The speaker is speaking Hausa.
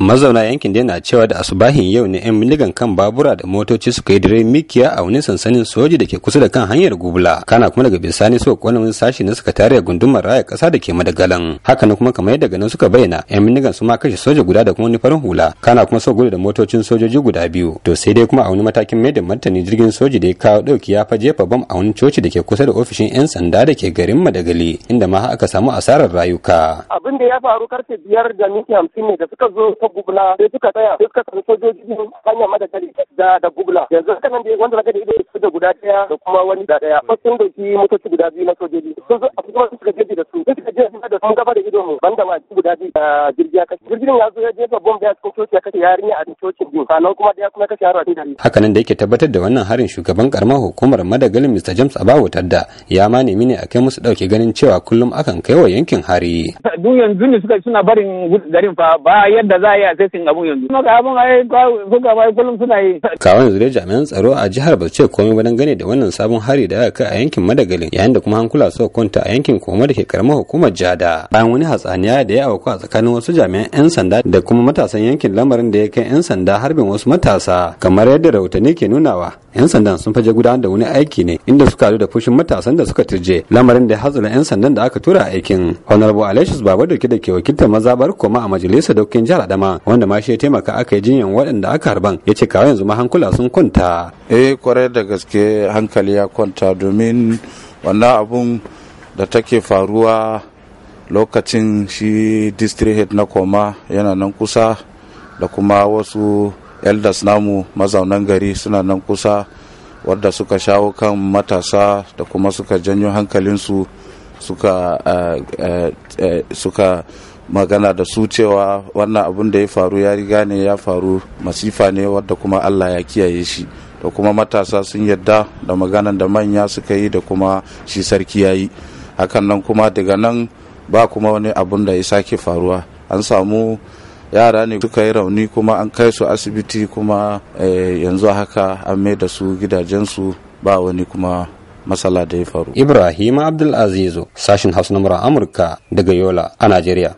mazauna yankin dai na cewa da asubahin yau ne 'yan miligan kan babura da motoci suka yi dare mikiya a wani sansanin soji da ke kusa da kan hanyar gubula kana kuma daga bisani suka kona wani sashi na suka tare gundumar raya kasa da ke madagalan haka ne kuma kamar yadda ganin suka bayyana 'yan miligan su ma kashe soja guda da kuma wani farin hula kana kuma so gudu da motocin sojoji guda biyu to sai dai kuma a wani matakin mai da martani jirgin soji da ya kawo dauki ya fa jefa bam a wani coci da ke kusa da ofishin 'yan sanda da ke garin madagali inda ma aka samu asarar rayuka abin da ya faru karfe biyar da minti hamsin ne da suka zo kafa gubla sai suka tsaya sai suka samu sojoji biyu hanyar madadari da da gubla yanzu haka nan wanda zaka da ido da guda daya da kuma wani da daya ko sun dauki motoci guda biyu na sojoji sun zo a kuma suka jeje da su suka je da sun gaba da ido mu banda ma guda biyu da jirgi aka jirgin ya zo ya jefa bomb ya cikin coci ya kashe yarinya a cocin din sannan kuma daya kuma kashe yaro a cikin haka nan da yake tabbatar da wannan harin shugaban karamar hukumar madagalin Mr James Abawu Tadda ya ma nemi ne a kai musu dauke ganin cewa kullum akan kai wa yankin hari duk yanzu ne suka suna barin garin fa ba yadda za yi abun yanzu kullum suna yi kawai yanzu dai jami'an tsaro a jihar ba ce komai ba dangane da wannan sabon hari da aka kai a yankin Madagalin yayin da kuma hankula su kwanta a yankin Koma da ke karamar hukumar Jada bayan wani hatsaniya da ya auku a tsakanin wasu jami'an 'yan sanda da kuma matasan yankin lamarin da ya kai 'yan sanda harbin wasu matasa kamar yadda rahotanni ke nunawa 'yan sandan sun faje gudanar da wani aiki ne inda suka haɗu da fushin matasan da suka turje lamarin da ya hatsula 'yan sandan da aka tura aikin honorable alexis babadoki da ke wakiltar mazabar koma a majalisar dokokin jihar adama wanda ma shi ya taimaka aka yi jinyan waɗanda aka harban ya ce kawai yanzu ma hankula sun kwanta eh kwarai da gaske hankali ya kwanta domin wannan abun da take faruwa lokacin shi district head na koma yana nan kusa da kuma wasu elders namu mazaunan gari suna nan kusa wadda suka shawo kan matasa da kuma suka janyo hankalinsu suka, uh, uh, suka magana da su cewa wannan abin da ya faru ya riga ne ya faru masifa ne wadda kuma allah ya kiyaye shi da kuma matasa sun yadda da maganan da manya suka yi da kuma shi sarki ya yi hakan nan kuma daga nan ba kuma wani abin da ya sake faruwa an samu yara ne suka yi rauni kuma an kai su asibiti kuma eh, yanzu haka an mai da su gidajensu ba wani kuma matsala da ya faru ibrahim abdulazizu sashin hausa na amurka daga yola a najeriya